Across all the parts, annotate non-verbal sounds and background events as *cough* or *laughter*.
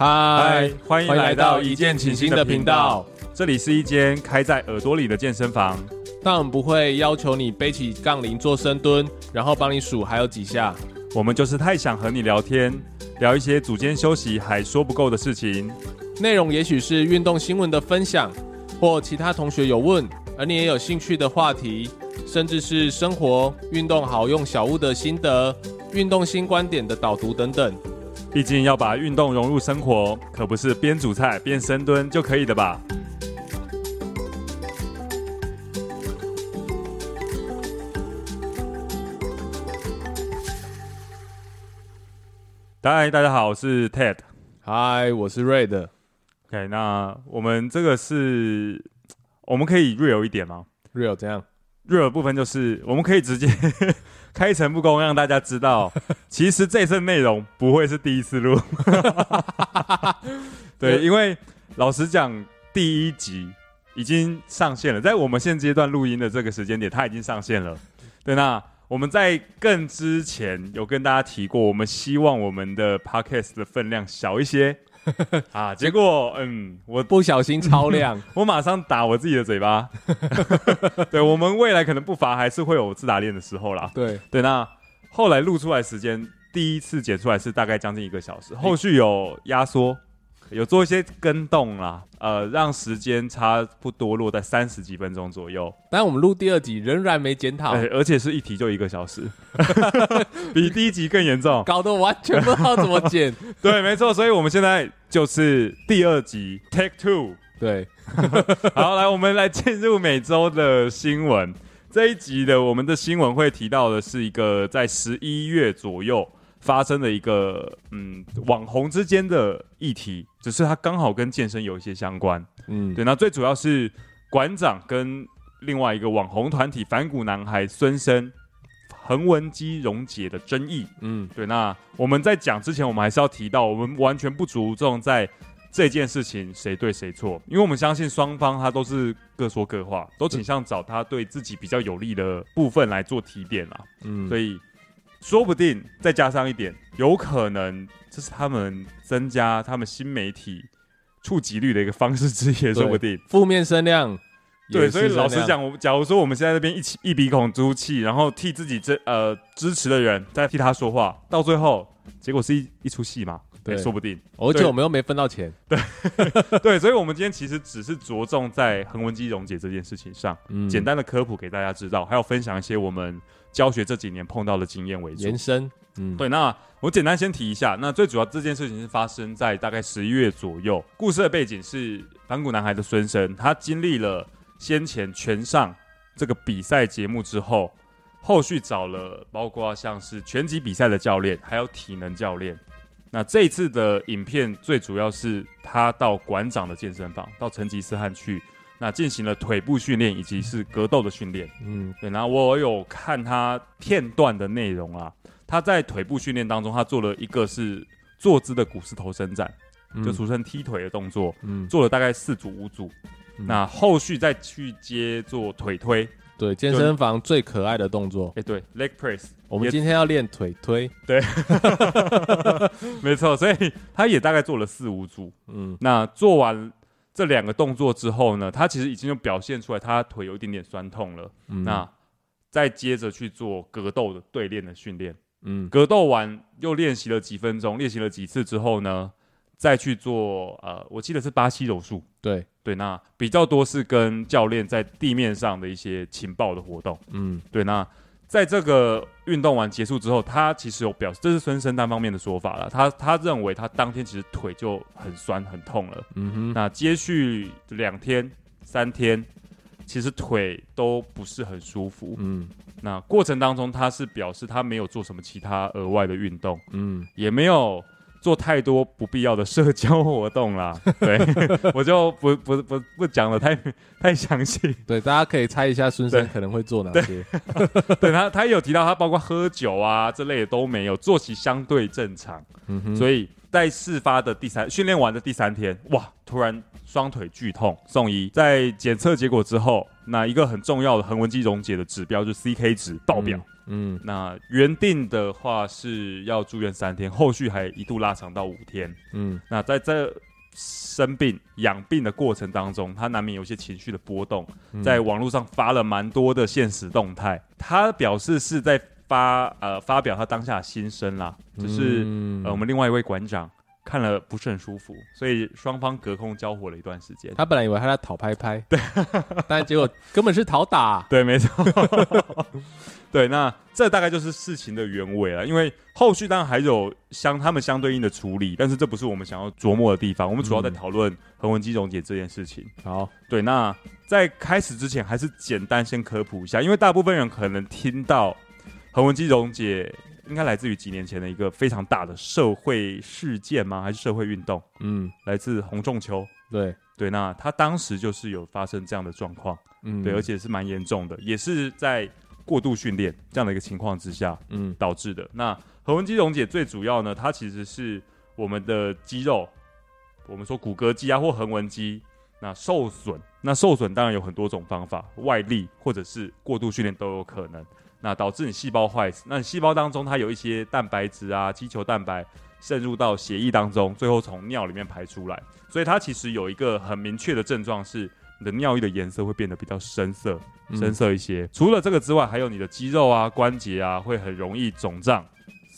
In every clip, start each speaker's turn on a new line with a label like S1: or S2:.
S1: 嗨，Hi, 歡迎來到一見傾心的頻道。這裡是一間開在耳朵裡的健身房，但我們不會要求你背起槓鈴做深蹲，然後幫你數還有幾下。我們就是太想和你聊天，聊一些組間休息還說不夠的事情。內容也許是運動新聞的分享，或其他同
S2: 學有問而你也有興趣的話題，甚至是生活運動好用小
S1: 物的心得、運動新觀點的導讀等等。畢竟要把運動融入生活，可不是邊煮菜邊深蹲就可以的吧？大家好，我是 Ted。嗨，我是 Red。OK，那我們這個是，我們可以 real 一點嗎？real 這樣？real 的部分就是我們可以直接。 *laughs* 開誠佈公，讓大家知道，其實這份內容不會是第一次錄。 *laughs* 對，因為老實講，第一集已經上線了，在我們現階段錄音的這個時間點，它已經上線了。對，那。我們在更之前有跟大家提過，我們希望我們的 podcast 的分量小一些啊。結果，嗯，我不小心超量，我馬上打我自己的嘴巴。對，我們未來可能不乏還是會有自打臉的時候啦。對，對，那後來錄出來時間，第一次剪出來是大概將近一個小時，後續有壓縮。有做一些更動啦，呃，讓時間差不多落在三十幾分鐘左右。但我們錄第二集仍然沒檢討，對、欸，而且是一題就一個小時， *laughs* 比第一集更嚴重，搞得完全不知道怎麼剪。 *laughs* 對，沒錯，所以我們現在就是第二集 Take two，對， *laughs* 好來，我們來進入每週的新聞。這一集的我們的新聞會提到的是一個在十一月左右，發生了一個嗯網紅之間的議題，只是它剛好跟健身有一些相關，嗯，對。那最主要是館長跟另外一個網紅團體反骨男孩孫生橫紋肌溶解的爭議，嗯，對。那我們在講之前，我們還是要提到，我們完全不注重在這件事情誰對誰錯，因為我們相信雙方他都是各說各話，都傾向找他對自己比較有利的部分來做提點啦，嗯，所以。說不定再加上一點，有可能這是他們增加他們新媒體觸及率的一個方式之一，也說不定負面聲量。對，所以老實講，假如說我們現在這邊一起一鼻孔出氣，然後替自己這呃支持的人在替他說話，到最後結果是一一出戲嘛？對、欸，說不定，而且我們又沒分到錢。對對， *laughs* 對，所以我們今天其實只是着重在橫紋肌溶解這件事情上，嗯、簡單的科普給大家知道，還有分享一些我們，教學這幾年碰到的經驗為主延伸，嗯，對。那我簡單先提一下，那最主要這件事情是發生在大概十一月左右。故事的背景是反骨男孩的孫生，他經歷了先前拳上這個比賽節目之後，後續找了包括像是拳擊比賽的教練，還有體能教練。那這一次的影片最主要是他到館長的健身房，到成吉思汗去。那進行了腿部訓練以及是格鬥的訓練，嗯，對，然後我有看他片段的內容啊，他在腿部訓練當中，他做了一個是坐姿的股四頭伸展，就俗稱踢腿的動作，嗯，做了大概四組五組，那後續再去接做腿推，對，健身房最可愛的動作，哎，對，leg press，我們今天要練腿推，對，沒錯，所以他也大概做了四五組，嗯，那做完。這兩個動作之後呢，他其實已經表現出來，他腿有一點點痠痛了。嗯，那再接着去做格鬥的對練的訓練，嗯，格鬥完又練習了幾分鐘，練習了幾次之後呢，再去做呃，我記得是巴西柔術，對對，那比較多是跟教練在地面上的一些情報的活動，嗯，對，那。在這個運動完結束之後，他其實有表示，這是孫生單方面的說法了。他他認為他當天其實腿就很酸很痛了，嗯哼，那接續兩天三天，其實腿都不是很舒服。嗯，那過程當中他是表示他沒有做什麼其他額外的運動，嗯，也沒有。做太多不必要的社交活動啦，對，我就不不不不講了，太太詳細。 *laughs* 對，大家可以猜一下孫生可能會做哪些。對，對， *laughs* 對他，他有提到他包括喝酒啊之類的都沒有，作息相對正常。嗯哼，所以在事發的第三訓練完的第三天，哇，突然雙腿劇痛，送醫。在檢測結果之後。那一個很重要的橫紋肌溶解的指標就是 C K 值爆表。嗯，嗯，那原定的話是要住院三天，後續還一度拉長到五天。嗯，那在這生病養病的過程當中，他難免有些情緒的波動，嗯、在網絡上發了蠻多的現實動態。他表示是在發呃，發表他當下的心聲啦，就是、嗯、呃我們另外一位館長，看了不是很舒服，所以雙方隔空交火了一段時間。他本來以為他在討拍拍，對，但是結果根本是討打啊。對，沒錯。 *laughs* *laughs* 對，那這大概就是事情的原委了。因為後續當然還有相他們相對應的處理，但是這不是我們想要琢磨的地方。我們主要在討論橫紋肌溶解這件事情。好，對，那在開始之前，還是簡單先科普一下，因為大部分人可能聽到橫紋肌溶解。應該來自於幾年前的一個非常大的社會事件嗎？還是社會運動？嗯，來自洪仲丘。對對，那他當時就是有發生這樣的狀況，嗯，對，而且是蠻嚴重的，也是在過度訓練這樣的一個情況之下，嗯，導致的。嗯、那橫紋肌溶解最主要呢，它其實是我們的肌肉，我們說骨骼肌啊或橫紋肌，那受損，那受損當然有很多種方法，外力或者是過度訓練都有可能。那導致你細胞壞死，那細胞當中它有一些蛋白質啊、肌球蛋白滲入到血液當中，最後從尿裡面排出來，所以它其實有一個很明確的症狀是，你的尿液的顏色會變得比較深色、嗯、深色一些。除了這個之外，還有你的肌肉啊、關節啊會很容易腫脹。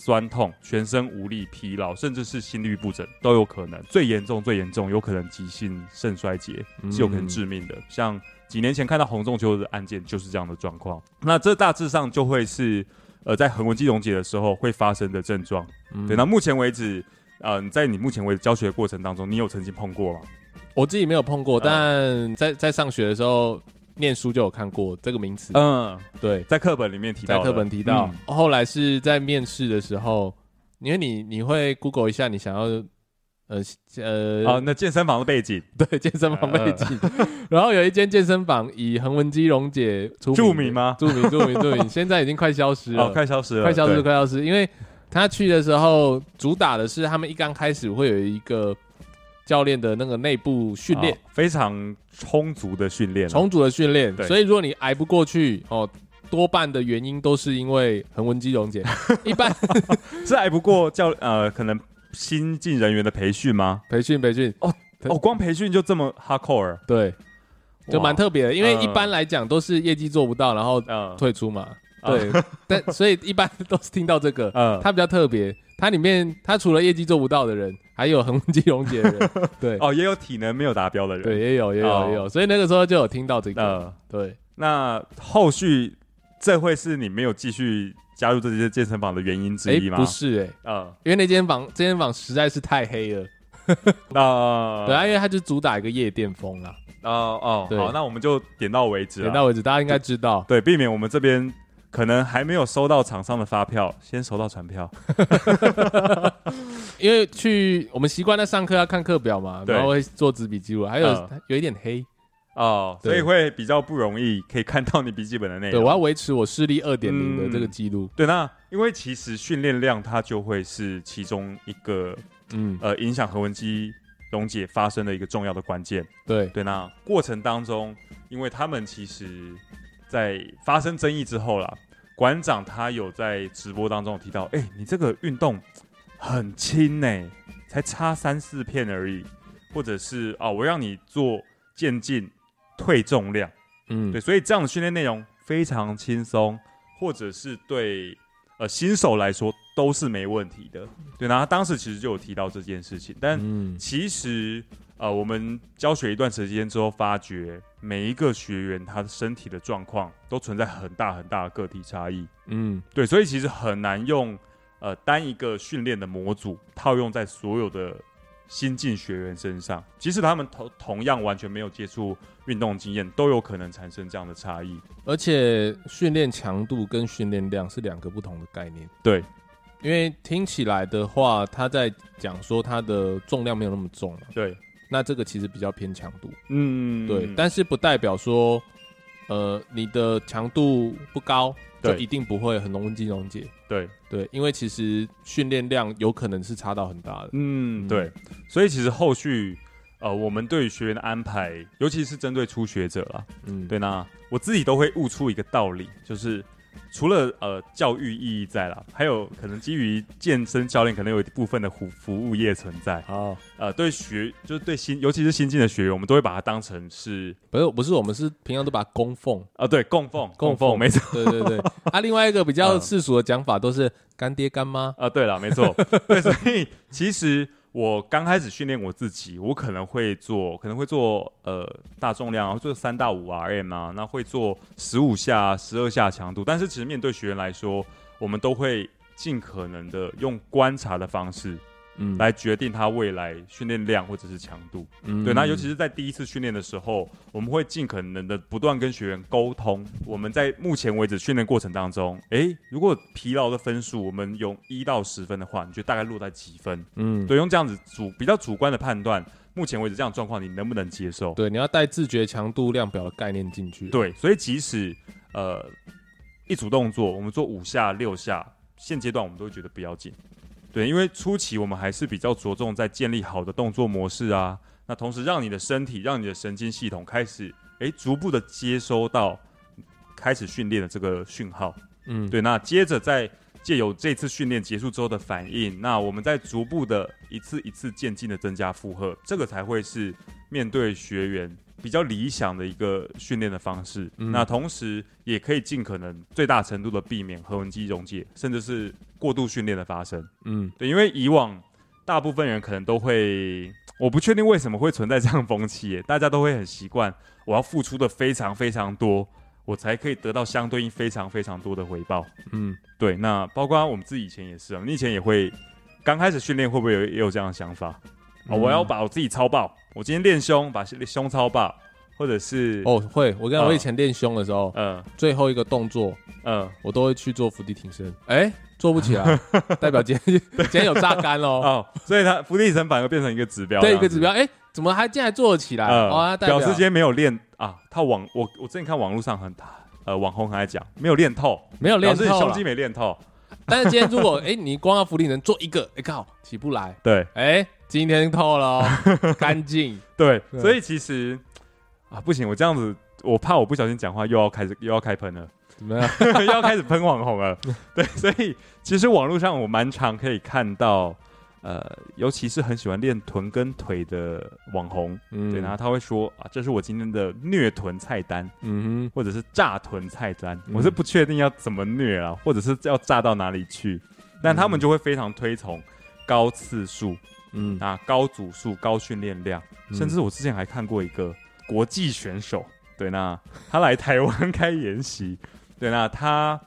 S1: 酸痛、全身無力、疲勞，甚至是心律不整都有可能。最嚴重、最嚴重，有可能急性腎衰竭，嗯、是有可能致命的。像幾年前看到洪仲丘的案件，就是這樣的狀況。那這大致上就會是，呃，在橫紋肌溶解的時候會發生的症狀。嗯、對，那目前為止，嗯、呃，在你目前為止教學的過程當中，你有曾經碰過嗎？我自己沒有碰過，呃、但在在上學的時候。
S2: 念書就有看過這個名詞，嗯，對，在課本裡面提到，在課本提到，後來是在面試的時候，因為你你會 Google 一下你想要，呃呃哦，那健身房的背景，對，健身房背景，然後有一間健身房以橫紋肌溶解出著名嗎？著名，著名，著名，現在已經快消失了，快消失了，快消失，快消失，因為他去的時候主打的是他們一剛開始會有一個。教練的那個內部訓練、哦、非常
S1: 充足的訓練、啊，充足的訓練。所以
S2: 如果你挨不過去哦，多半的原因都是因為恆溫機溶解。 *laughs* 一般
S1: *laughs* 是挨不過教，呃，可能新進人員的培訓嗎？培訓培訓哦哦，光培訓就這麼 hard core，對，就蠻特別的。哇因為一般
S2: 來講都是業績做不到，然後退出嘛。嗯、對， *laughs* 但所以一般都是聽到這個，嗯，他比較特別。它裡面，它除了業績做不到的人，還有橫紋肌溶
S1: 解的人，對，哦，也有體能沒有達標的人，對，也有，也有，也有，所以那個時候就有聽到這個，對。那後續這會是你沒有繼續加入這些健身房的原因之一嗎？不是，哎，因
S2: 為那間房，健身房實在是太黑了，
S1: 那，本來啊，因為它就是主打一個夜店風啊，哦，好，那我們就點到為止，點到為止，大家應該知道，對，避免我們這邊。可能還沒有收到廠商的發票，先收到傳票， *laughs* *laughs* 因為去我們習慣在上課
S2: 要看課表嘛，對然後會做紙筆記錄，還有、嗯、
S1: 有一點黑哦，對所以會比較不容易可以看到你筆記本的內容。對，我要維持我視力二點零的這個記錄、嗯。對那，那因為其實訓練量它就會是其中一個，嗯，呃，影響橫紋肌溶解發生的一個重要的關鍵。對對，對那過程當中，因為他們其實。在發生爭議之後啦，館長他有在直播當中提到，哎、欸，你這個運動很輕呢，才差三四片而已，或者是啊，我讓你做漸進退重量，嗯，對，所以這樣的訓練內容非常輕鬆，或者是對呃新手來說都是沒問題的，對，然後他當時其實就有提到這件事情，但其實、呃、我們教學一段時間之後發覺。每一個學員，他的身體的狀況都存在很大很大的個體差異。嗯，對，所以其實很難用呃單一個訓練的模組套用在所有的新進學員身上，即使他們同同樣完全沒有接觸運動經驗，都有可能產生這樣的差異。
S2: 而且，訓練強度跟訓練量是兩個不同的概念。對，因為聽起來的話，他在講說他的重量沒有那麼重啊。對。那這個其實比較偏強度，嗯，
S1: 對，但
S2: 是不代表說，呃，你的強度不高，對，就一定不會很容易溶解，解，對
S1: 對，因為其實訓練量有可能是差到很大的，嗯，嗯，對，所以其實後續，呃，我們對於學員的安排，尤其是針對初學者啦，嗯，對，那我自己都會悟出一個道理，就是。除了呃，教育意義在啦，還有可能基於健身教練，可能有一部分的服服務業存在啊。Oh. 呃，對學就是對新，尤其是新進的學員，我們都會把它當成是不是不是，我們是平常都把它供奉啊、呃，對，供奉供奉沒錯。對對對，他、啊、另外一個比較世俗的講法都
S2: 是乾爹乾媽啊，
S1: 對啦，沒錯。對，所以其實。我剛開始訓練我自己，我可能會做，可能會做呃大重量，然後做三到五 RM 啊，那會做十五下、十二下強度。但是其實面對學員來說，我們都會盡可能的用觀察的方式。嗯，來決定他未來訓練量或者是強度。嗯，對，那尤其是在第一次訓練的時候，我們會盡可能的不斷跟學員溝通。我們在目前為止訓練過程當中，哎，如果疲勞的分數我們用一到十分的話，你覺得大概落在幾分？嗯，對，用這樣子主比較主觀的判斷，目前為止這樣狀況你能不能接受？對，你要帶自覺強度量表的概念進去。對，所以即使呃一組動作我們做五下六下，現階段我們都會覺得不要緊。對，因為初期我們還是比較着重在建立好的動作模式啊，那同時讓你的身體，讓你的神經系統開始，誒逐步的接收到開始訓練的這個訊號，嗯，對，那接着再借由這次訓練結束之後的反應，那我們再逐步的一次一次漸進的增加負荷，這個才會是面對學員。比較理想的一個訓練的方式，嗯、那同時也可以儘可能最大程度的避免橫紋肌溶解，甚至是過度訓練的發生。嗯，對，因為以往大部分人可能都會，我不確定為什麼會存在這樣的風氣，大家都會很習慣，我要付出的非常非常多，我才可以得到相對應非常非常多的回報。嗯，對，那包括我們自己以前也是啊，你以前也會剛開始訓練，會不會有也有這樣的想法？好，我要把我自己操爆。嗯我今天練胸，把胸超爆，或者是哦會，我跟我以
S2: 前練胸的時候，嗯，最後一個動作，嗯，我都會去做伏地挺身，哎，做
S1: 不起來，代表今天今天有榨乾嘍，哦，所以他伏地挺身反而變成一個指標，對一個指標，哎，怎麼還竟然還做起來？哇，表示今天沒有練啊，他網我我最近看網絡上很呃網紅很愛講，沒有練透，沒有練透，胸肌沒練透，但是今天如果
S2: 哎你光要伏地挺身做一個，哎靠，起不來，對，
S1: 哎。今天透了、哦， *laughs* 乾淨。對，對所以其實、啊、不行，我這樣子，我怕我不小心講話又要開始又要開噴了。怎麼樣？ *laughs* *laughs* 又要開始噴網紅了？ *laughs* 對，所以其實網絡上我蠻常可以看到，呃，尤其是很喜歡練臀跟腿的網紅，嗯、對，然後他會說啊，這是我今天的虐臀菜單，嗯哼，或者是炸臀菜單，嗯、我是不確定要怎麼虐啊，或者是要炸到哪裡去，嗯、哼但他們就會非常推崇高次數。嗯，啊高組數、高訓練量，嗯、甚至我之前還看過一個國際選手，對那，那他來台灣開研習， *laughs* 對，那他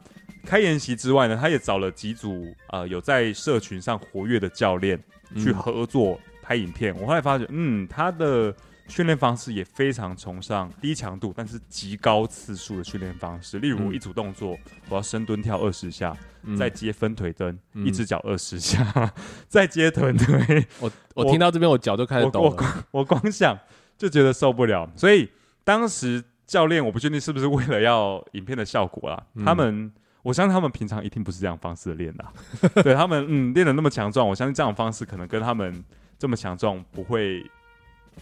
S1: 開研習之外呢，他也找了幾組呃有在社群上活躍的教練去合作拍影片。嗯、我後來發覺，嗯，他的。訓練方式也非常崇尚低強度，但是極高次數的訓練方式。例如，一組動作、嗯、我要深蹲跳二十下，嗯、再接分腿蹲，嗯、一隻腳二十下，再接臀推。我我聽到這邊，我腳都開始抖了我。我光我光想就覺得受不了。 *laughs* 所以當時教練，我不確定是不是為了要影片的效果啦。嗯、他們，我相信他們平常一定不是這樣方式的練的。 *laughs* 對他們，嗯，練得那麼強壯，我相信這樣的方式可能跟他們這麼強壯不會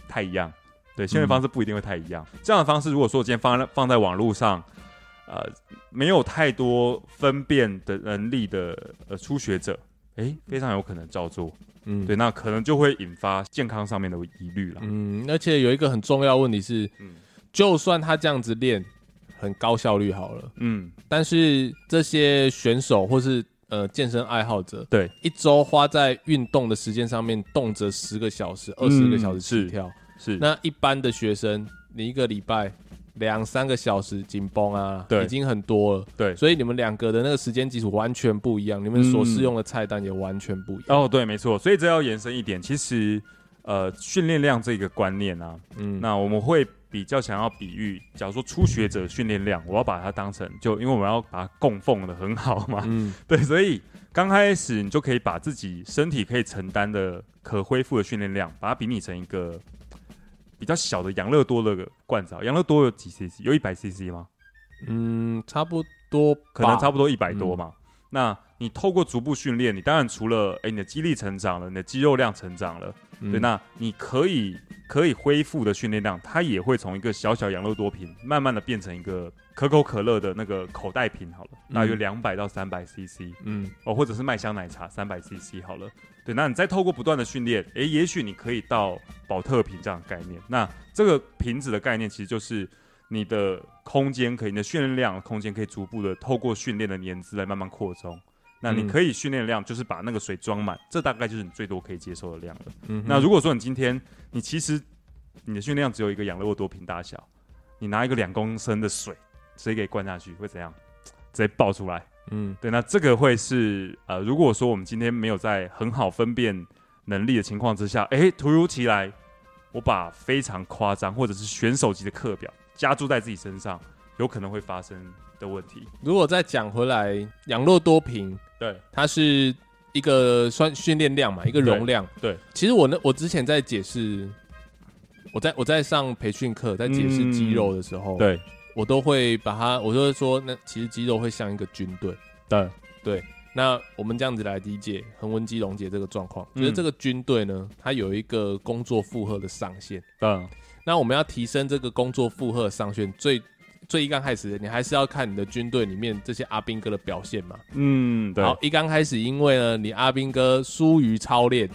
S1: 太一樣，對訓練方式不一定會太一樣。嗯、這樣的方式，如果說今天放放在網絡上，呃，沒有太多分辨的能力的呃初學者，欸，非常有可能照做。嗯，對，那可能就會引發健康上面的疑慮了。嗯，而且有一個很重要問題是，嗯，就算他這樣子練
S2: 很高效率好了，嗯，但是這些選手或是。呃，健身愛好者對一周花在運動的時間上面，動輒十個小時、二十、嗯、個小時是，是跳是。那一般的學生，你一個禮拜兩三個小時緊繃啊，對，已經很多了。對，所以你們兩個的那個時間基礎完全不一樣，你們所適用的菜單也完全不一
S1: 樣。嗯、哦，對，沒錯。所以這要延伸一點，其實呃，訓練量這個觀念啊，嗯，那我們會。比較想要比喻，假如說初學者訓練量，我要把它當成就，因為我們要把它供奉得很好嘛，嗯，對，所以剛開始你就可以把自己身體可以承擔的可恢復的訓練量，把它比擬成一個比較小的養樂多的罐子。養樂多有幾 CC？有一百 CC 嗎？嗯，
S2: 差不多，可能差不多一百多嘛。嗯、
S1: 那你透過逐步訓練，你當然除了哎、欸，你的肌力成長了，你的肌肉量成長了。對，那你可以可以恢復的訓練量，它也會從一個小小養樂多瓶，慢慢的變成一個可口可樂的那個口袋瓶好了，大約兩百到三百 CC，嗯，哦，或者是麥香奶茶三百 CC 好了。對，那你再透過不斷的訓練，誒，也許你可以到寶特瓶這樣的概念。那這個瓶子的概念其實就是你的空間可以，你的訓練量空間可以逐步的透過訓練的年資來慢慢擴充。那你可以訓練量就是把那個水裝滿，嗯、這大概就是你最多可以接受的量了。嗯哼，那如果說你今天你其實你的訓練量只有一個養樂多瓶大小，你拿一個兩公升的水直接給灌下去會怎樣？直接爆出來。嗯，對，那這個會是呃，如果說我們今天沒有在很好分辨能力的情況之下，哎、欸，突如其來，我把非常誇張或者是選手級的課表加注在自己身上，有可能會發生的問題。如果再講回來，養樂多瓶，對，
S2: 它是一個算訓練量嘛，一個容量。對，對其實我那我之前在解釋，我在我在上培訓課在解釋肌肉的時候，嗯、對，我都會把它我就會說那其實肌肉會像一個軍隊，對對。那我們這樣子來理解橫紋肌溶解這個狀況，就是這個軍隊呢，嗯、它有一個工作負荷的上限。嗯對，那我們要提升這個工作負荷的上限最。最一剛開始，你還是要看你的軍隊裡面這些阿兵哥的表現嘛。嗯，
S1: 對。好，
S2: 一剛開始，因為呢，你阿兵哥疏於操練，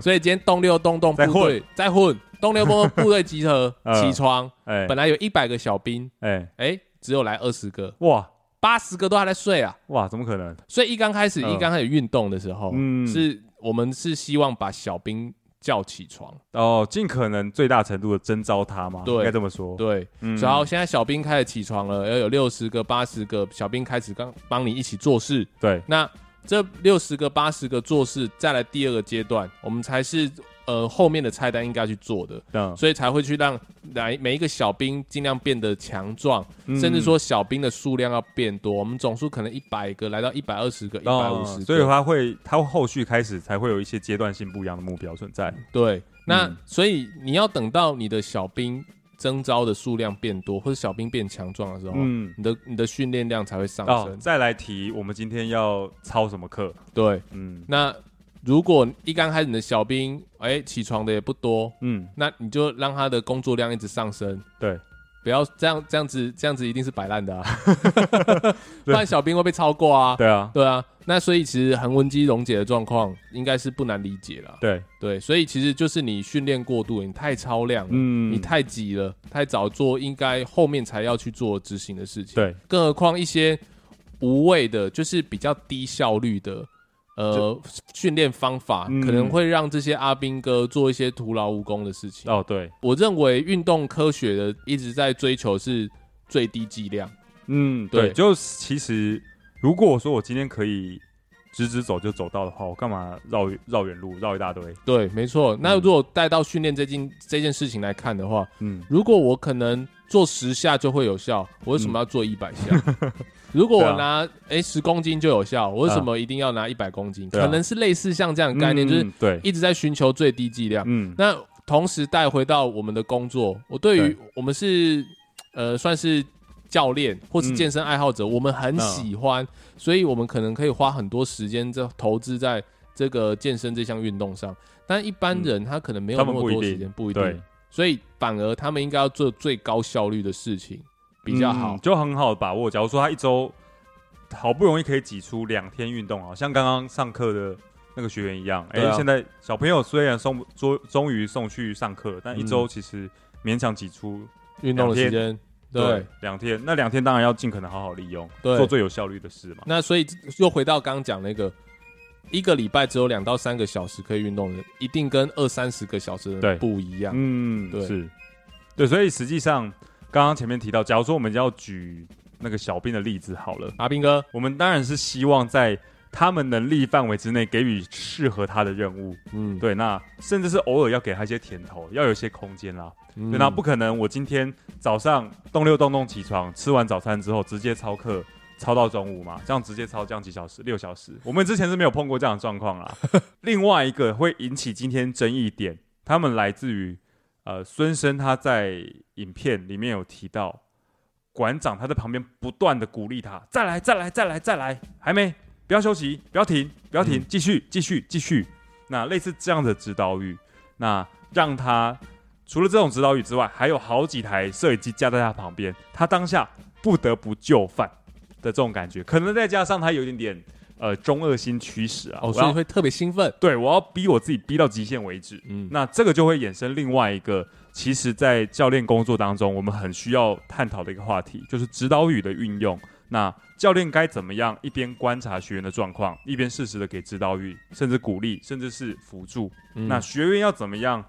S2: 所以今天動六動動部隊再混，動六動部隊集合起床，本來有一百個小兵，哎哎，只有來二十個，哇，八十個都還在睡啊，哇，怎麼可能？所以一剛開始，一剛開始運動的時候，嗯，是我們是希望把小兵。叫起床
S1: 哦，盡可能最大程度的徵召他嗎？對，應該這麼說。對，嗯，所以然後
S2: 現在小兵開始起床了，要有六十個、八十個小兵開始剛幫你一起
S1: 做事。對，
S2: 那這六十個、八十個做事，再來第二個階段，我們才是。呃，後面的菜單應該去做的，嗯、所以才會去讓來每一個小兵盡量變得強壯，嗯、甚至說小兵的數量要變多。我們總數可能一百個，來到一百二十個、一百五十個。所以他
S1: 會，他後續開始才會有一些階段性不一樣的目標存在。對，那，嗯、
S2: 所以你要等到你的小兵徵召的數量變多，或者小兵變強壯的時候，嗯你，你的你的訓練量才會上升。哦，再來提，我們今天要抄什麼課？對，嗯，那。如果一剛開始你的小兵哎、欸、起床的也不多，嗯，那你就讓他的工作量一直上升，對，不要這樣這樣子，這樣子一定是擺爛的、啊，不 *laughs* 對然小兵會被操掛啊。對啊，對啊。那所以其實橫紋肌溶解的狀況應該是不難理解啦。對對，所以其實就是你訓練過度、欸，你太超量了，嗯，你太急了，太早做應該後面才要去做執行的事情。對，更何況一些無謂的，就是比較低效率的。呃，訓練就方法、嗯、可能會讓這些阿兵哥做一些徒勞無功的事情。哦，對，我認為運動科學的一直在追求是最低劑量。
S1: 嗯，對，對，就其實如果我說我今天可以直直走就走到的話，我幹嘛繞繞遠路繞一大堆？
S2: 對，沒錯。那如果帶到訓練這件這件事情來看的話，嗯，如果我可能做十下就會有效，我為什麼要做一百下？嗯 *laughs* 如果我拿誒十公斤就有效，我為什麼一定要拿一百公斤？可能是類似像這樣的概念，就是對，一直在尋求最低劑量。嗯，那同時帶回到我們的工作，我對於我們是呃算是教練或是健身愛好者，我們很喜歡，所以我們可能可以花很多時間在投資在這個健身這項運動上。但一般人他可能沒有那麼多時間，不一定。
S1: 所以反而他們應該要做最高效率的事情。比較好、嗯，就很好把握。假如說他一周好不容易可以擠出兩天運動，啊，像剛剛上課的那個學員一樣。哎、啊欸，現在小朋友雖然送終終於送去上課，但一周其實勉強擠出運動的時間，對，兩天。那兩天當然要盡可能好好利用，對做最有效率的事嘛。
S2: 那所以又回到剛剛講那個，一個禮拜只有兩到三個小時可以運動的，一定跟二三十個小時的不
S1: 一樣。嗯，對，對，所以實際上。剛剛前面提到，假如說我們要舉那個小兵的例子好了，阿兵哥，我們當然是希望在他們能力範圍之內給予適合他的任務，嗯，對，那甚至是偶爾要給他一些甜頭，要有一些空間啦，嗯、對，那不可能，我今天早上咚六咚咚起床，吃完早餐之後直接操課，操到中午嘛，這樣直接操這樣幾小時六小時，我們之前是沒有碰過這樣的狀況啦。 *laughs* 另外一個會引起今天爭議點，他們來自於。呃，孫生他在影片裡面有提到，館長他在旁邊不斷的鼓勵他，再來，再來，再來，再來，還沒，不要休息，不要停，不要停，嗯，繼續，繼續，繼續。那類似這樣的指導語，那讓他除了這種指導語之外，還有好幾台攝影機架在他旁邊，他當下不得不就範的這種感覺，可能再加上他有一點點。呃，中二心驅使啊、哦，所以會特別興奮。對，我要逼我自己逼到極限為止。嗯，那這個就會衍生另外一個，其實，在教練工作當中，我們很需要探討的一個話題，就是指導語的運用。那教練該怎麼樣一邊觀察學員的狀況，一邊適時的給指導語，甚至鼓勵，甚至是輔助。嗯、那學員要怎麼樣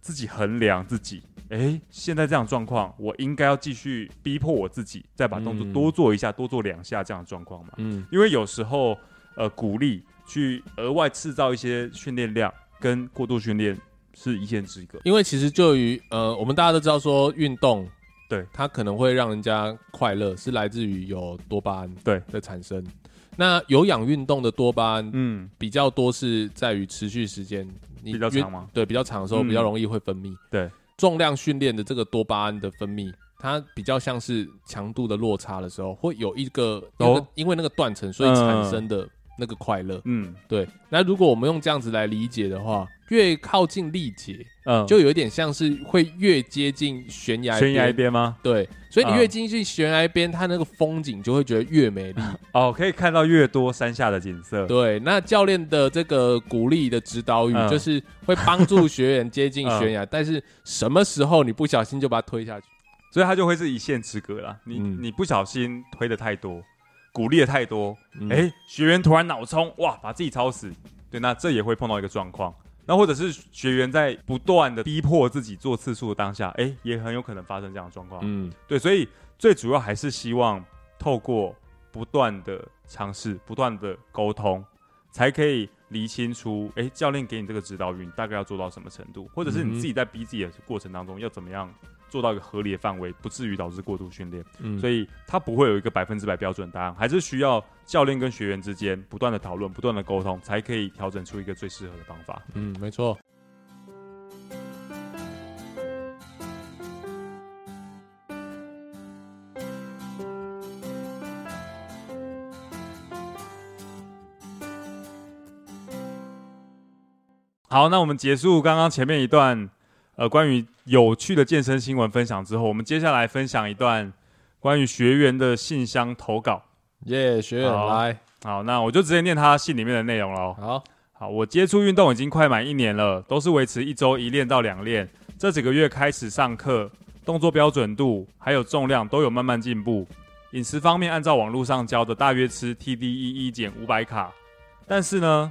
S1: 自己衡量自己？哎，現在這樣的狀況，我應該要繼續逼迫我自己，再把動作多做一下，嗯、多做兩下，這樣的狀況嘛？嗯，因為有時候，呃，鼓勵去額外制造一些訓練量，跟過度訓練是一線之隔。因
S2: 為其實就於呃，我們大家都知道說，運動，
S1: 對，它可能會讓人家
S2: 快樂，是來自於有多巴胺對的產生。對那有氧運動的多巴胺，嗯，比較多是在於持續時間，你比較長嗎？對，比較長的時候、嗯、比較容易會分泌，對。重量訓練的這個多巴胺的分泌，它比較像是強度的落差的時候，會有一個，因為因為那個斷層，哦，所以產生的。嗯那個快樂，嗯，對。那如果我們用這樣子來理解的話，越靠近力竭，嗯，就有一點像是會越接近懸崖懸崖邊嗎？對，所以你越接近懸崖邊，嗯、它那個風景就會覺得越美麗哦，可以看到越多山下的景色。對，那教練的這個鼓勵的指導語就是會幫助學員接近懸崖，
S1: 嗯、但是什麼時候你不小心就把它推下去，所以它就會是一線之隔了。你、嗯、你不小心推的太多。鼓勵的太多，哎、嗯，欸，學員突然腦衝哇，把自己操死。對，那這也會碰到一個狀況。那或者是學員在不斷的逼迫自己做次數的當下，哎、欸，也很有可能發生這樣的狀況。嗯，對，所以最主要還是希望透過不斷的嘗試、不斷的溝通，才可以釐清出，哎、欸，教練給你這個指導語大概要做到什麼程度，或者是你自己在逼自己的過程當中要怎麼樣。做到一個合理的範圍，不至於導致過度訓練。嗯，所以它不會有一個百分之百標準答案，還是需要教練跟學員之間不斷的討論、不斷的溝通，才可以調整出一個最適合的方法。嗯，沒錯。好，那我們結束剛剛前面一段。呃，關於有趣的健身新聞分享之後，我們接下來分享一段關於學員的信箱投稿。耶，yeah, 學員好，哦、來，好，那我就直接念他信裡面的內容嘍。好好，我接觸運動已經快滿一年了，都是維持一周一練到兩練。這幾個月開始上課，動作標準度還有重量都有慢慢進步。飲食方面，按照網絡上教的，大約吃 TDEE 減五百卡。但是呢，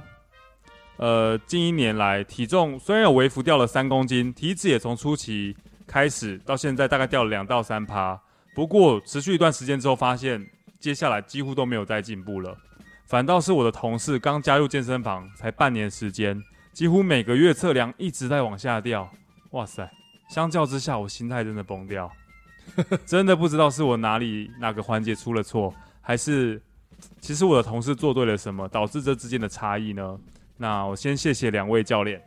S1: 呃，近一年來體重雖然有微幅掉了三公斤，體脂也從初期開始到現在大概掉了兩到三趴。不過持續一段時間之後，發現接下來幾乎都沒有再進步了，反倒是我的同事剛加入健身房才半年時間，幾乎每個月測量一直在往下掉。哇塞，相較之下我心態真的崩掉， *laughs* 真的不知道是我哪裡哪個環節出了錯，還是其實我的同事做對了什麼，導致這之間的差異呢？那我先謝謝兩位教練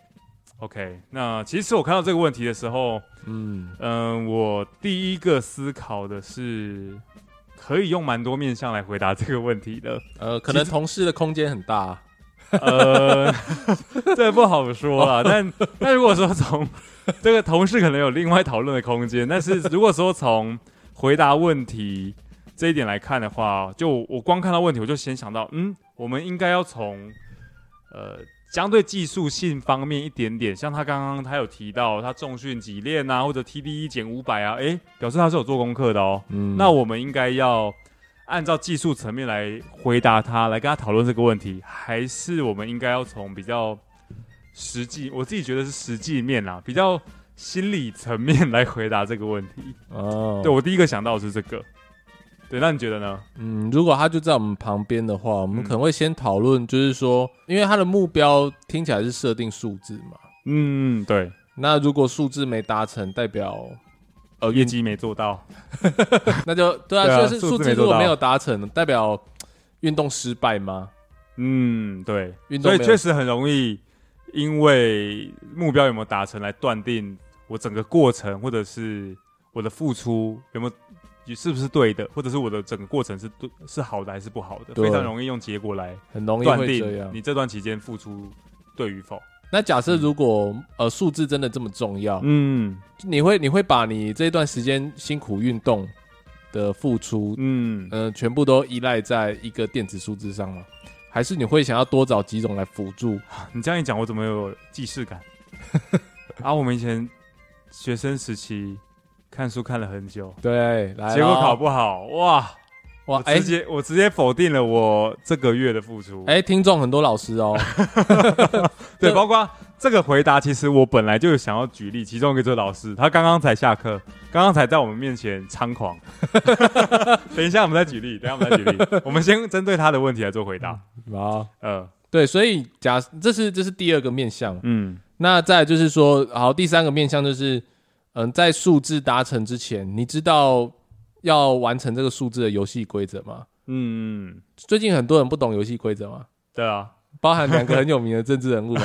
S1: ，OK。那其實我看到這個問題的時候，嗯嗯、呃，我第一個思考的是可以用蠻多面向來回答這個問題的。呃，可能同事的空間很大，呃，這 *laughs* *laughs* 不好說啊。Oh. 但但如果說從這個同事可能有另外討論的空間， *laughs* 但是如果說從回答問題這一點來看的話，就我光看到問題，我就先想到，嗯，我們應該要從。呃，相對技術性方面一點點，像他剛剛他有提到他重訓幾練啊，或者 T D E 減五百啊，誒、欸，表示他是有做功課的哦。嗯，那我們應該要按照技術層面來回答他，來跟他討論這個問題，還是我們應該要從比較實際，我自己覺得是實際面啊，比較心理層面來回答這個問題哦。 *laughs* 對，我第一個想到的是這個。對，那你覺得呢？嗯，如果他就在我們旁邊的話，我們可能會先討論，就是說，
S2: 因為他的目標聽起來是設定數字嘛。嗯，對。那如果數字沒達成，代表呃業績沒做到， *laughs* 那就對啊，就、啊、是數字，字如果沒有
S1: 達成，代表運動失敗嗎？嗯，對。運動。所以確實很容易因為目標有沒有達成來斷定我整個過程或者是我的付出有沒有。你是不是對的，或者是我的整個過程是對是好的還是不好的？對非常容易用結果來斷定你這段期間付出對與否。
S2: 那假設如果、嗯、呃數字真的這麼重要，嗯，你會你會把你這一段時間辛苦運動的付出，嗯呃，全部都依賴在一個電子數字上嗎？還是你會想要多找
S1: 幾種來輔助？你這樣一講，我怎麼有既視感？ *laughs* 啊，我們以前學生時期。看書看了很久，對，結果考不好，
S2: 哇哇！直接
S1: 我直接否定了我這個月的付出。哎，聽眾很多老師哦，對，包括這個回答，其實我本來就有想要舉例，其中一個就是老師，他剛剛才下課，剛剛才在我們面前猖狂。等一下我們再舉例，等一下我們再舉例，我們先針對他的問題來做回答。好，呃，
S2: 對，所以假，這是這是第二個面向，嗯，那再就是說，好，第三個面向就是。嗯，在數字達成之前，你知道要完成這個數字的遊戲規則嗎？嗯，最近很多人不懂遊戲規則嗎？對啊，包含兩個很有名的政治人物嘛，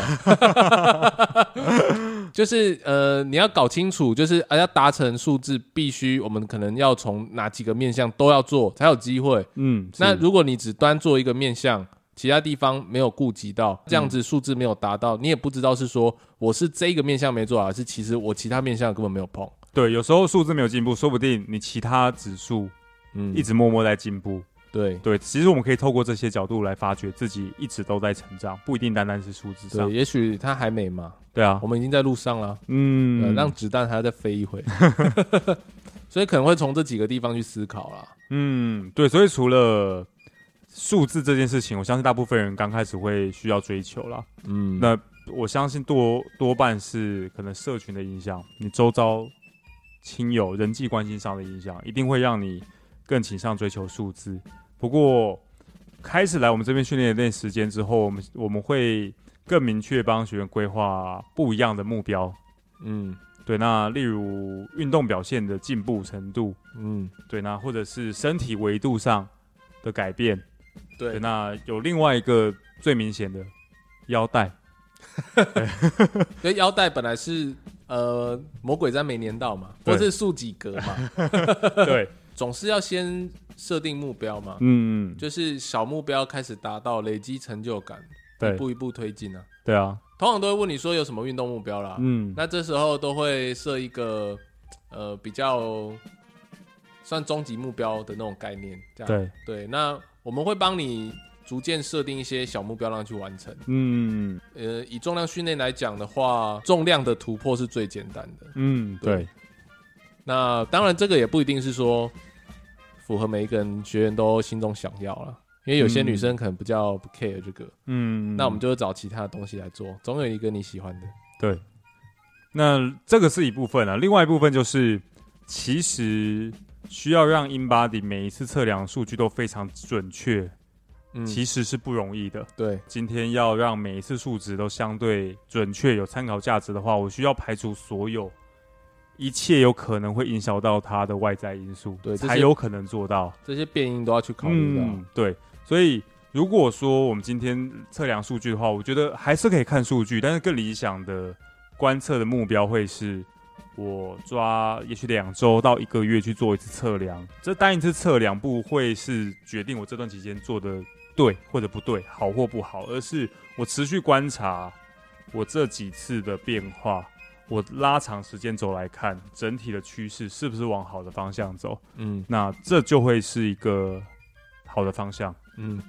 S2: *laughs* 就是呃，你要搞清楚，就是啊，要達成數字，必須我們可能要從哪幾個面向都要做，才有機會。嗯，那如果你只端做一個面向，其他地方沒有顧及到，這樣子數字沒有達到，嗯、你也不知道是說我是這一個面向沒做好，還是其實我其他面向根本沒有碰。
S1: 對，有時候數字沒有進步，說不定你其他指數，嗯，一直默默在進步。對對，其實我們可以透過這些角度來發覺自己一直都在成長，不一定單單是數字上。對，也許它還沒嘛。對啊，我們已經在路上了。嗯、啊，讓子彈還要再飛一回。 *laughs* *laughs* 所以可能會從這幾個地方去思考啦。嗯，對，所以除了。數字這件事情，我相信大部分人剛開始會需要追求啦。嗯，那我相信多多半是可能社群的影響，你周遭親友、人際關係上的影響，一定會讓你更傾向追求數字。不過，開始來我們這邊訓練一段時間之後，我們我們會更明確幫學員規劃不一樣的目標。嗯，對，那例如運動表現的進步程度。嗯，對，那或者是身體維度上的改變。對，那有另外一個最明顯的腰帶，對
S2: *laughs* 因為腰帶本來是呃魔鬼在沒黏到嘛，或對是數幾格嘛， *laughs* 對，總是要先設定目標嘛，嗯，就是小目標開始達到累積成就感，對一步一步推進啊。對啊，通常都會問你說有什麼運動目標啦，嗯，那這時候都會設一個呃比較算終極目標的那種概念，這樣對對，那。我們會幫你逐漸設定一些小目標讓你去完成。嗯，呃，以重量訓練來講的話，重量的突破是最簡單的。
S1: 嗯，對。對
S2: 那當然，這個也不一定是說符合每一個人學員都心中想要了，因為有些女生可能比較不 care 這個。
S1: 嗯，那我
S2: 們就會找其他的東西來做，總有一個你喜歡的。
S1: 對，那這個是一部分啊，另外一部分就是其實。需要讓 InBody 每一次測量數據都非常準確，嗯、其實是不容易的。對，今天要讓每一次數值都相對準確，有參考價值的話，我需要排除所有一切有可能會影響到它的外在因素，對，才有可能做到。這些變因都要去考慮啊，嗯。對，所以如果說我們今天測量數據的話，我覺得還是可以看數據，但是更理想的觀測的目標會是，我抓也許兩周到一個月去做一次測量，這單一次測量不會是決定我這段期間做的對或者不對、好或不好，而是我持續觀察我這幾次的變化，我拉長時間軸來看整體的趨勢是不是往好的方向走。嗯，那這就會
S2: 是一個好的方向。嗯。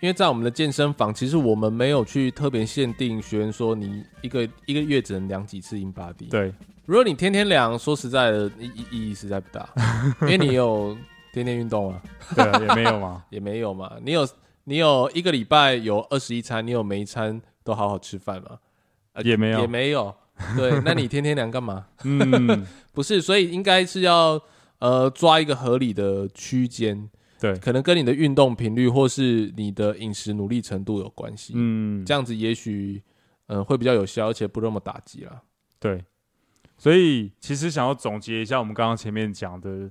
S2: 因為在我們的健身房，其實我們沒有去特別限定學員說，你一個一個月只能量幾次 InBody，對。如果你天天量，說實在的意意義實在不大， *laughs* 因為你有天天運動啊。
S1: 對，也沒有嘛，
S2: *laughs* 也沒有嘛。你有你有一個禮拜有二十一餐，你有每一餐都好好吃飯嗎？呃、也沒有也沒有。對，那你天天量幹嘛？ *laughs* 嗯， *laughs* 不是，所以應該是要呃抓一個合理的區間。對，可能跟你的運動頻率或是你的飲食努力程度有關係。嗯，
S1: 這樣子也許，嗯，會比較有效，而且不那麼打擊了。對，所以其實想要總結一下，我們剛剛前面講的，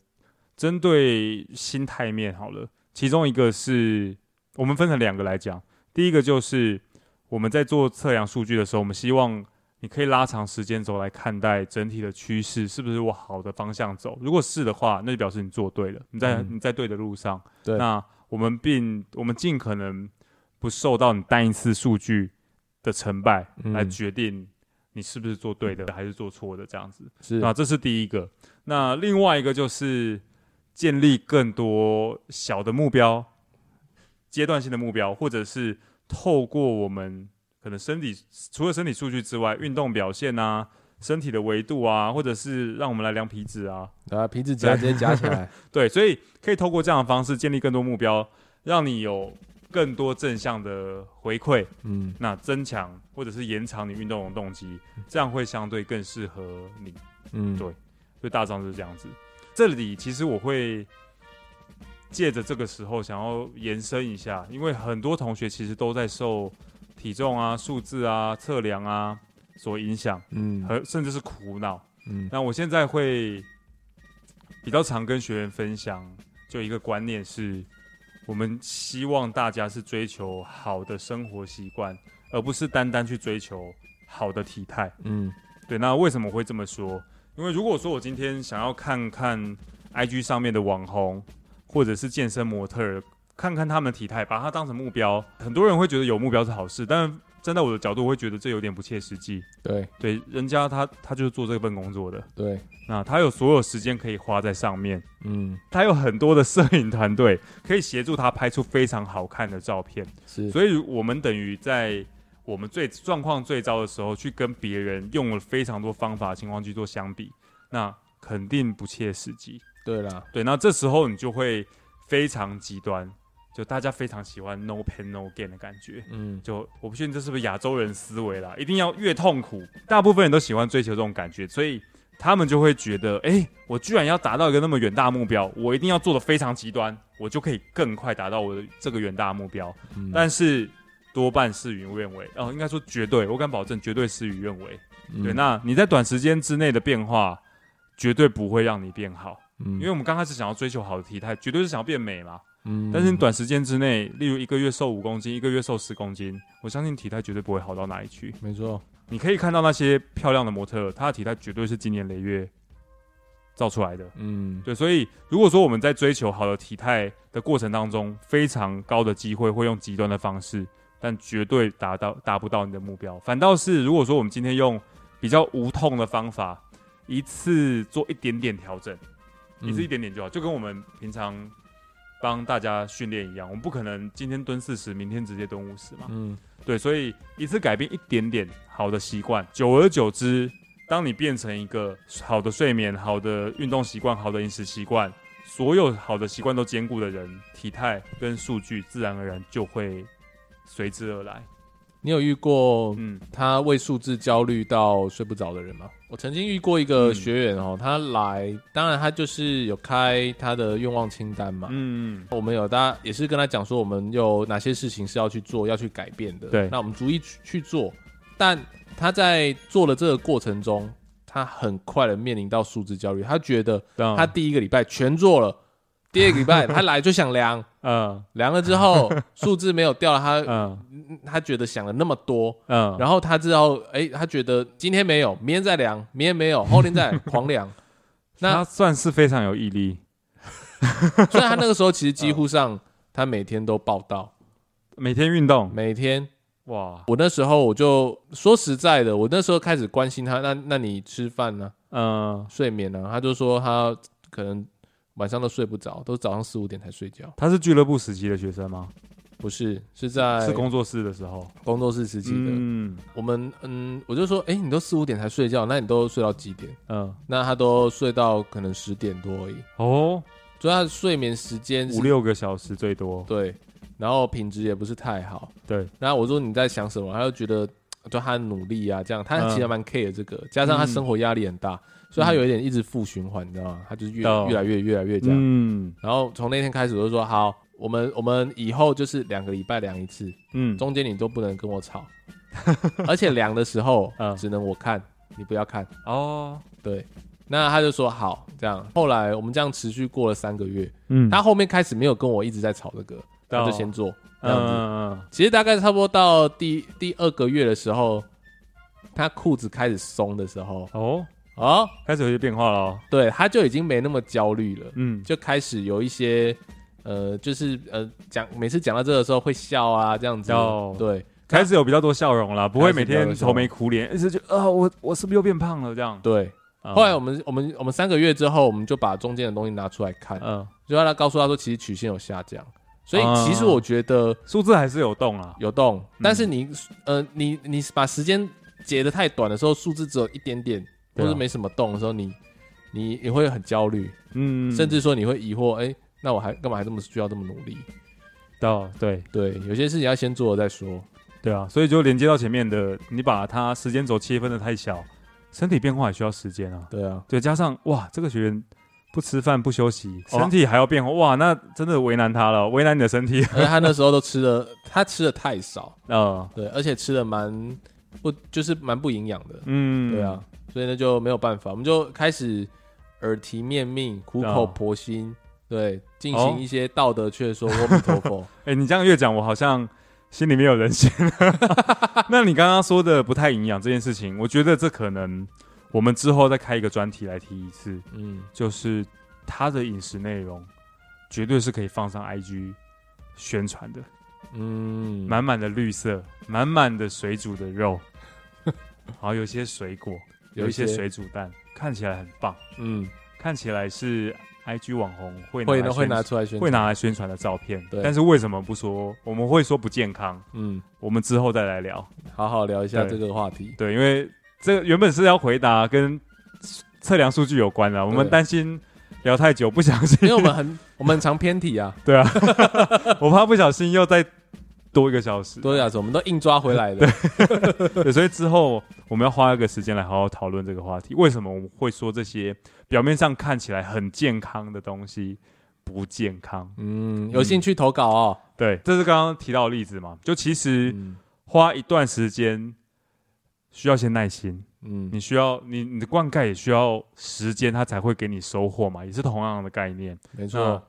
S1: 針對心態面好了，其中一個是我們分成兩個來講，第一個就是我們在做測量數據的時候，我們希望。你可以拉長時間軸來看待整體的趨勢是不是往好的方向走？如果是的話，那就表示你做對了，你在、嗯、你在對的路上。對，那我們並我們盡可能不受到你單一次數據的成敗、嗯、來決定你是不是做對的還是做錯的這樣子。是，那這是第一個。那另外一個就是建立更多小的目標、階段性的目標，或者是透過我們。可能身體除了身體數據之外，運動表現啊，身體的維度啊，或者是讓我們來量皮脂啊，啊，皮脂夾直接夾起來，對， *laughs* 對，所以可以透過這樣的方式建立更多目標，讓你有更多正向的回饋，嗯，那增強或者是延長你運動的動機，這樣會相對更適合你，嗯，對，所以大方向就是這樣子。這裡其實我會借着這個時候想要延伸一下，因為很多同學其實都在受。體重啊、數字啊、測量啊，所影響，嗯，和甚至是苦惱，嗯。那我現在會比較常跟學員分享，就一個觀念是，我們希望大家是追求好的生活習慣，而不是單單去追求好的體態，嗯，對。那為什麼會這麼說？因為如果說我今天想要看看 IG 上面的網紅，或者是健身模特兒。看看他們的體態，把它當成目標。很多人會覺得有目標是好事，但是站在我的角度，我會覺得這有點不切實際。對對，人家他他就是做這份工作的，對。那他有所有時間可以花在上面，嗯，他有很多的攝影團隊可以協助他拍出非常好看的照片。是。所以我們等於在我們最狀況最糟的時候，去跟別人用了非常多方法、情況去做相比，那肯定不切實際。對啦，對。那這時候你就會非常極端。就大家非常喜歡 no pain no gain 的感覺，嗯，就我不確定這是不是亞洲人思維啦，一定要越痛苦，大部分人都喜歡追求這種感覺，所以他們就會覺得，哎、欸，我居然要達到一個那麼遠大的目標，我一定要做得非常極端，我就可以更快達到我的這個遠大的目標。嗯、但是多半事與願違，哦、呃，應該說絕對，我敢保證絕對事與願違。嗯、對，那你在短時間之內的變化絕對不會讓你變好，嗯，因為我們剛開始想要追求好的體態，絕對是想要變美嘛。嗯，但是你短時間之內，例如一個月瘦五公斤，一個月瘦十公斤，我相信體態絕對不會好到哪裡去。沒錯，你可以看到那些漂亮的模特，她的體態絕對是經年累月造出來的。嗯，對。所以如果說我們在追求好的體態的過程當中，非常高的機會會用極端的方式，但絕對達到達不到你的目標。反倒是如果說我們今天用比較無痛的方法，一次做一點點調整，嗯、一次一點點就好，就跟我們平常。幫大家訓練一樣，我們不可能今天蹲四十，明天直接蹲五十嘛。嗯，對，所以一次改變一點點好的習慣，久而久之，當你變成一個好的睡眠、好的運動習慣、好的飲食習慣，所有好的習慣都兼顧的人，體態跟數據，自然而然就會隨之而來。
S2: 你有遇過，嗯，他為數字焦慮到睡不着的人嗎？嗯、我曾經遇過一個學員哦、喔，嗯、他來，當然他就是有開他的願望清單嘛，嗯，我們有，他也是跟他講說，我們有哪些事情是要去做，要去改變的，對，那我們逐一去去做，但他在做了這個過程中，他很快的面臨到數字焦慮，他覺得他第一個禮拜全做了。第二個禮拜他來就想量， *laughs* 嗯，量了之後數字沒有掉了他，他嗯、嗯，他覺得想了那麼多，
S1: 嗯，
S2: 然後他之後哎，他覺得今天沒有，明天再量，明天沒有，後天再狂量，
S1: *laughs* 那他算是非常有毅力。
S2: *laughs* 雖然他那個時候其實幾乎上他每天都報到，每天運動，每天，哇！我那時候我就說實在的，我那時候開始關心他，那那你吃飯呢？啊？嗯、呃，睡眠呢？啊？他就說他可能。晚上都睡不着，都早上四五點才睡覺。
S1: 他是俱樂部時期的學生嗎？不
S2: 是，是在是工作室的時候，工作室時期的。嗯，我們嗯，我就說，哎、欸，你都四五點才睡覺，那你都睡到幾點？嗯，那他都睡到可能十點多而已。哦，主要他睡眠時間五六個小時最多。對，然後品質也不是太好。對，那我說你在想什麼？他就覺得，就他努力啊，這樣，他其實蠻 care 這個，嗯、加上他生活壓力很大。嗯所以他有一點一直負循環，你知道嗎？他就是越越來越越來越這樣。嗯。然後從那天開始我就說：“好，我們我們以後就是兩個禮拜量一次，嗯，中間你都不能跟我吵，而且量的時候，只能我看，你不要看哦。”對。那他就說：“好，這樣。”後來我們這樣持續過了三個月，嗯。他後面開始沒有跟我一直在吵這個，我就先做。嗯嗯。其實大概差不多到第第二個月的時候，他褲子開始鬆的時候，哦。哦，開始有些變化了。對，他就已經沒那麼焦慮了。嗯，就開始有一些呃，就是呃，講每次講到這個的時候會笑啊，這樣子。哦，對，
S1: 開始有比較多笑容啦，不會每天愁眉苦臉，一直就啊，我我是不是又變胖了這樣？對。後
S2: 來我們我們我們三個月之後，我們就把中間的東西拿出來看，嗯，就讓他告訴他說，其實曲線有下降。所以其實我覺得數字還是有動啊，有動。但是你呃，你你把時間截得太短的時候，數字只有一點點。或是沒什麼動的時候，你，你你也會很焦慮，嗯，甚至說你會疑惑，哎、欸，那我還幹嘛還這麼
S1: 需要這麼努力？到、哦、對對，有些事情要先做了再說，對啊，所以就連接到前面的，你把它時間軸切分的太小，身體變化也需要時間啊，對啊，就加上哇，這個學員不吃飯不休息，身體還要變化，哇，哇，那真的為難他了，為難你的身體，他那時候都吃的， *laughs* 他吃的太少，嗯、哦，對，而且
S2: 吃的蠻不，就是蠻不營養的，嗯，對啊。所以呢，就沒有辦法，我們就開始耳提面命、苦口婆心，No. 對，進行一些道
S1: 德勸說。阿彌陀佛。哎、欸，你這樣越講，我好像心裡沒有人心了 *laughs* *laughs* *laughs* 那你剛剛說的不太營養這件事情，我覺得這可能我們之後再開一個專題來提一次。嗯，就是他的飲食內容絕對是可以放上 IG 宣傳的。嗯，滿滿的綠色，滿滿的水煮的肉，好， *laughs* 有些水果。有一些水煮蛋看起來很棒，嗯，看起來是 IG 網紅會會拿出來會拿來宣傳的照片，對。但是為什麼不說？我們會說不健康，嗯，我們之後再來聊，好好聊一下這個話題，對，因為這個原本是要回答跟測量數據有關的，我們擔心聊太久不小心，因為我們很我們很常偏題啊，對啊，我怕不小心又在。多一個小時，多一個小時，我們都硬抓回來的 *laughs* 對。 *laughs* 所以之後我們要花一個時間來好好討論這個話題。為什麼我們會說這些表面上看起來很健康的東西不健康？嗯，有興趣投稿哦。嗯、對，這是剛剛提到的例子嘛？就其實花一段時間需要些耐心。嗯，你需要你你的灌溉也需要時間，它才會給你收穫嘛。也是同樣的概念。沒錯錯。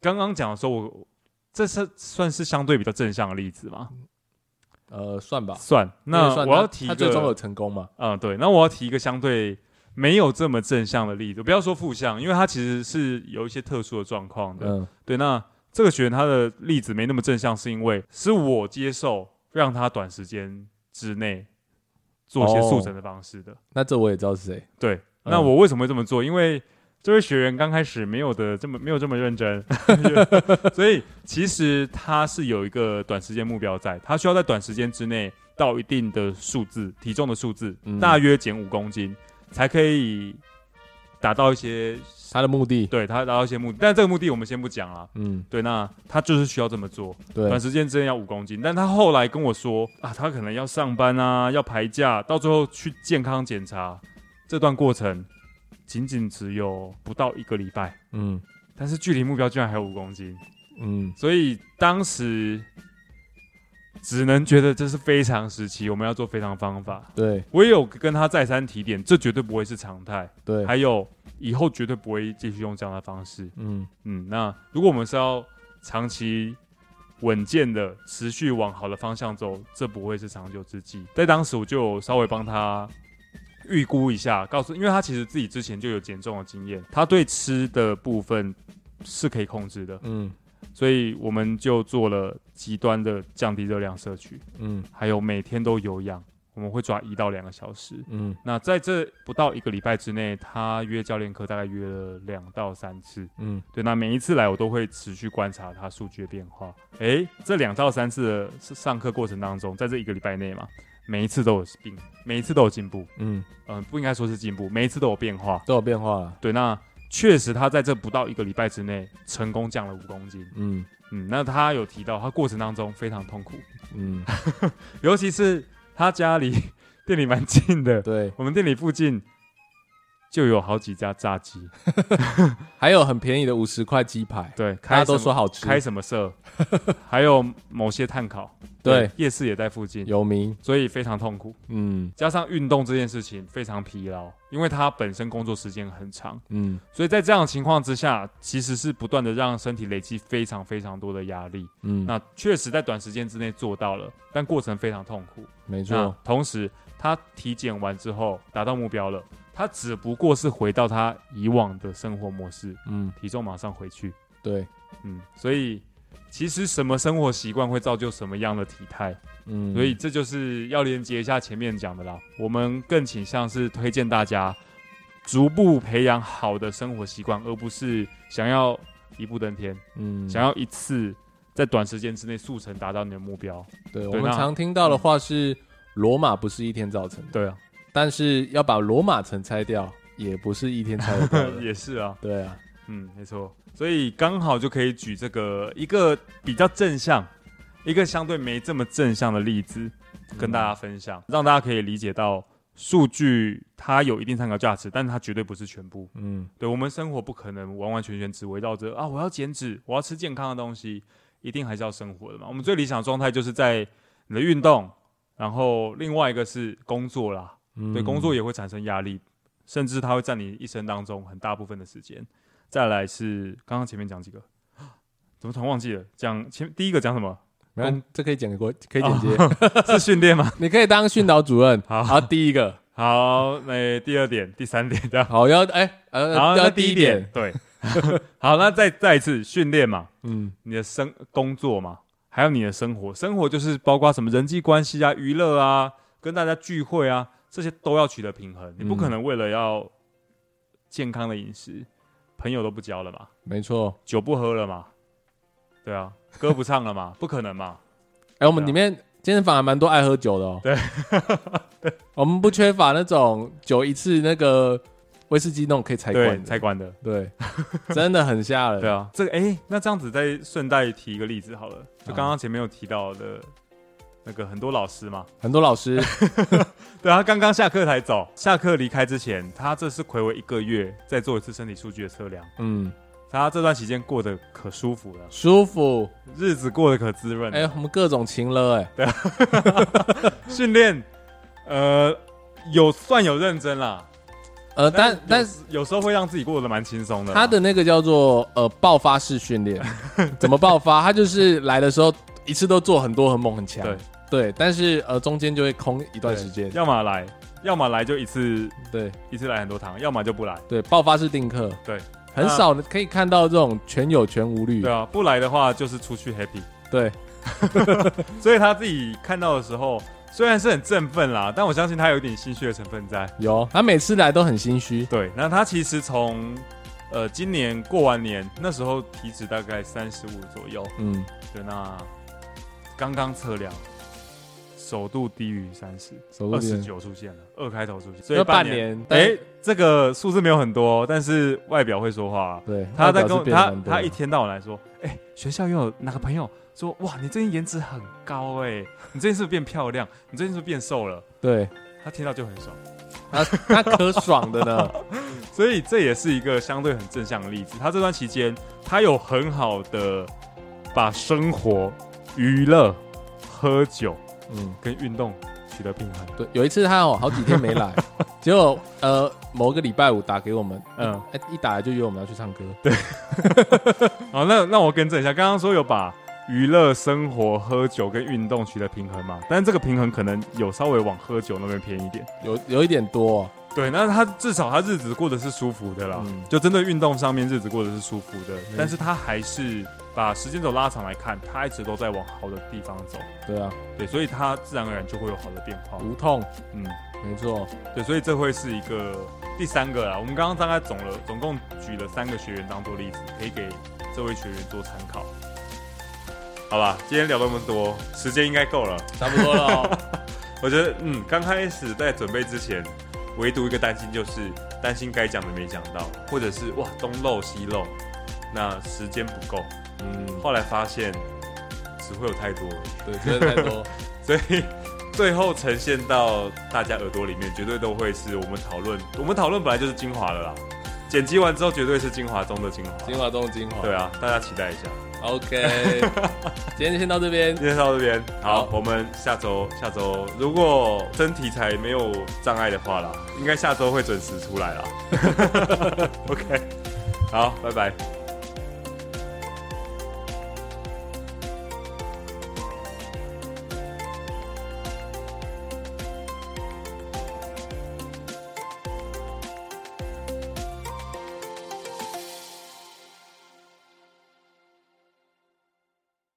S1: 剛剛講的時候，我。這是算是相對比較正向的例子嗎？呃，算吧，
S2: 算。那算我要提一個他，他最終有成功嘛？嗯，
S1: 對。那我要提一個相對沒有這麼正向的例子，不要說負向，因為他其實是有一些特殊的狀況的。對，嗯、對，那這個學員他的例子沒那麼正向，是因為是我接受讓他短時間之內做一些速成的方式的。哦、那這我也知道是誰。對，嗯、那我為什麼會這麼做？因為。這位學員剛開始沒有的這麼沒有這麼認真， *laughs* *laughs* 所以其實他是有一個短時間目標在，在他需要在短時間之內到一定的數字體重的數字，嗯、大約減五公斤，才可以達到一些他的目的。對，他達到一些目的，但這個目的我們先不講了。嗯，對，那他就是需要這麼做，對，短時間之內要五公斤。但他後來跟我說啊，他可能要上班啊，要排假，到最後去健康檢查這段過程。僅僅只有不到一個禮拜，嗯，但是距離目標居然還有五公斤，嗯，所以當時只能覺得這是非常時期，我們要做非常方法。對，我也有跟他再三提點，這絕對不會是常態，對，還有以後絕對不會繼續用這樣的方式，嗯嗯。那如果我們是要長期穩健的持續往好的方向走，這不會是長久之計。在當時我就稍微幫他，預估一下，告訴，因為他其實自己之前就有減重的經驗，他對吃的部分是可以控制的，嗯，所以我們就做了極端的降低熱量攝取，嗯，還有每天都有氧，我們會抓一到兩個小時，嗯，那在這不到一個禮拜之內，他約教練課大概約了兩到三次，嗯，對，那每一次來我都會持續觀察他數據的變化，欸，這兩到三次的上課過程當中，在這一個禮拜內嘛。每一次都有病，每一次都有進步。嗯、呃、不應該說是進步，每一次都有變化，都有變化了。對，那確實他在這不到一個禮拜之內成功降了五公斤。嗯嗯，那他有提到他過程當中非常痛苦。嗯呵呵，尤其是他家離店裡蠻近的，對，我們店裡附近。就有好幾家炸雞，還有很便宜的五十塊雞排，對，大家都說好吃。開什麼社？還有某些碳烤，對，夜市也在附近有名，所以非常痛苦。嗯，加上運動這件事情非常疲勞，因為他本身工作時間很長，嗯，所以在這樣的情況之下，其實是不斷的讓身體累積非常非常多的壓力。嗯，那確實在短時間之內做到了，但過程非常痛苦，沒錯。同時，他體檢完之後達到目標了。他只不過是回到他以往的生活模式，嗯，體重馬上回去，對，嗯，所以其實什麼生活習慣會造就什麼樣的體態，嗯，所以這就是要連接一下前面講的啦。我們更傾向是推薦大家逐步培養好的生活習慣，而不是想要一步登天，嗯，想要一次在短時間之內速成達到你的目標。對，對我們那常
S2: 聽到的話是“羅馬不是一天造成的”，對啊。但是要把羅馬城拆掉也不
S1: 是一天拆的掉， *laughs* 也是啊，對啊，嗯，沒錯，所以剛好就可以舉這個一個比較正向，一個相對沒這麼正向的例子，跟大家分享，嗯、讓大家可以理解到數據它有一定參考價值，但它絕對不是全部。嗯，對，我們生活不可能完完全全只圍繞着啊，我要減脂，我要吃健康的東西，一定還是要生活的嘛。我們最理想的狀態就是在你的運動，然後另外一個是工作啦。對，工作也會產生壓力，甚至它會佔你一生當中很大部分的時間。再來是剛剛前面講幾個，怎麼突然忘記了？講前第一個講什麼？這可以講一個，可以剪接是訓練嗎？你可以當訓導主任。好，第一個好。那第二點，第三點，這樣好要哎，好要第一點對。好，那再再一次訓練嘛，嗯，你的生工作嘛，還有你的生活，生活就是包括什麼人際關係啊、娛樂啊、跟大家聚會啊。這些都要取得平衡，你不可能為了要健康的飲食，嗯、朋友都不交了嘛？
S2: 沒錯錯，
S1: 酒不喝了嘛？對啊，歌不唱了嘛？ *laughs* 不可能嘛？
S2: 哎、欸，啊、我們裡面健身房還蠻多愛喝酒的哦。對， *laughs* 對我們不缺乏那種酒一次那個威士忌那種可以采關采關的，對， *laughs* 真的很嚇人。對啊，
S1: 這個哎、欸，那這樣子再順帶提一個例子好了，就剛剛前面有提到的、啊。那個很多老師嘛，很多老師 *laughs* 對、啊，對他剛剛下課才走，下課離開之前，他這是睽違一個月再做一次身體數據的測量，嗯，他這段期間過得可舒服了，舒服，日子過得可滋潤，哎、欸，我們各種情了，哎，對，訓練，呃，有算有認真啦，呃，但但是有，有時候會讓自己過得蠻輕鬆的，他
S2: 的那個叫做呃爆發式訓練， *laughs* 對 怎麼爆發？他就是來的時候一次都做很多很猛很強，對。對，但是呃，而中間就會空
S1: 一段時間。要麼來，要麼來就一次，對，一次來很多堂，要麼就不來。
S2: 對，爆發式訂課，對，很少可以看到這種全有全無率，對啊，
S1: 不來的話就是出去 happy。
S2: 對，
S1: *laughs* *laughs* 所以他自己看到的時候，雖然是很振奮啦，但我相信他有一點心虛的成分在。
S2: 有，他每次來都很心虛。對，
S1: 那他其實從呃今年過完年那時候體脂大概三十五左右，嗯，對，那剛剛測量。首度低於三十，二十九出現了，二開頭出現，所以半年，哎、欸，對這個數字沒有很多，但是外表會說話，對，他在跟他他一天到晚來說，哎、欸，學校又有哪個朋友說，哇，你最近顏值很高哎、欸，你最近是不是變漂亮， *laughs* 你最近是不是變瘦了，對他聽到就很爽，他他可爽的呢， *laughs* 所以這也是一個相對很正向的例子，他這段期間他有很好的把生活、娛樂、喝酒。嗯，跟運動
S2: 取得平衡。對，有一次他哦、喔，好幾天沒來，結果 *laughs* 呃，某個禮拜五打給
S1: 我們，欸、嗯，哎、欸，一打來就約我們要去唱歌。對， *laughs* 好，那那我更正一下，剛剛說有把娛樂、生活、喝酒跟運動取得平衡嘛，但這個平衡可能有稍微往喝酒那邊偏一點，有有一點多。對，那他至少他日子過得是舒服的啦，嗯、就針對運動上面日子過得是舒服的，嗯、但是他還是。把時間軸拉長來看，它一直都在往好的地方走。對啊，對，所以它自然而然就會有好的變化。無痛，嗯，沒錯錯，對，所以這會是一個第三個啦。我們剛剛大概總了，總共舉了三個學員當做例子，可以給這位學員做參考。好吧，今天聊那麼多，時間應該夠了，差不多了哦。 *laughs* 我覺得，嗯，剛開始在準備之前，唯獨一個擔心就是擔心該講的沒講到，或者是哇，東漏西漏，那時間不夠。嗯，後來發現，只會有太多了，對，只會太多， *laughs* 所以最後呈現到大家耳朵裡面，絕對都會是我們討論，我們討論本來就是精華的啦，剪輯完之後絕對是精華中的精華，精華中的精華，對啊，大家期待一下，OK， *laughs* 今天先到這邊，今天先到這邊，好，好，我們下周，下周如果真題材沒有障礙的話啦，應該下周會準時出來啦。 *laughs* *laughs* OK，好，拜拜。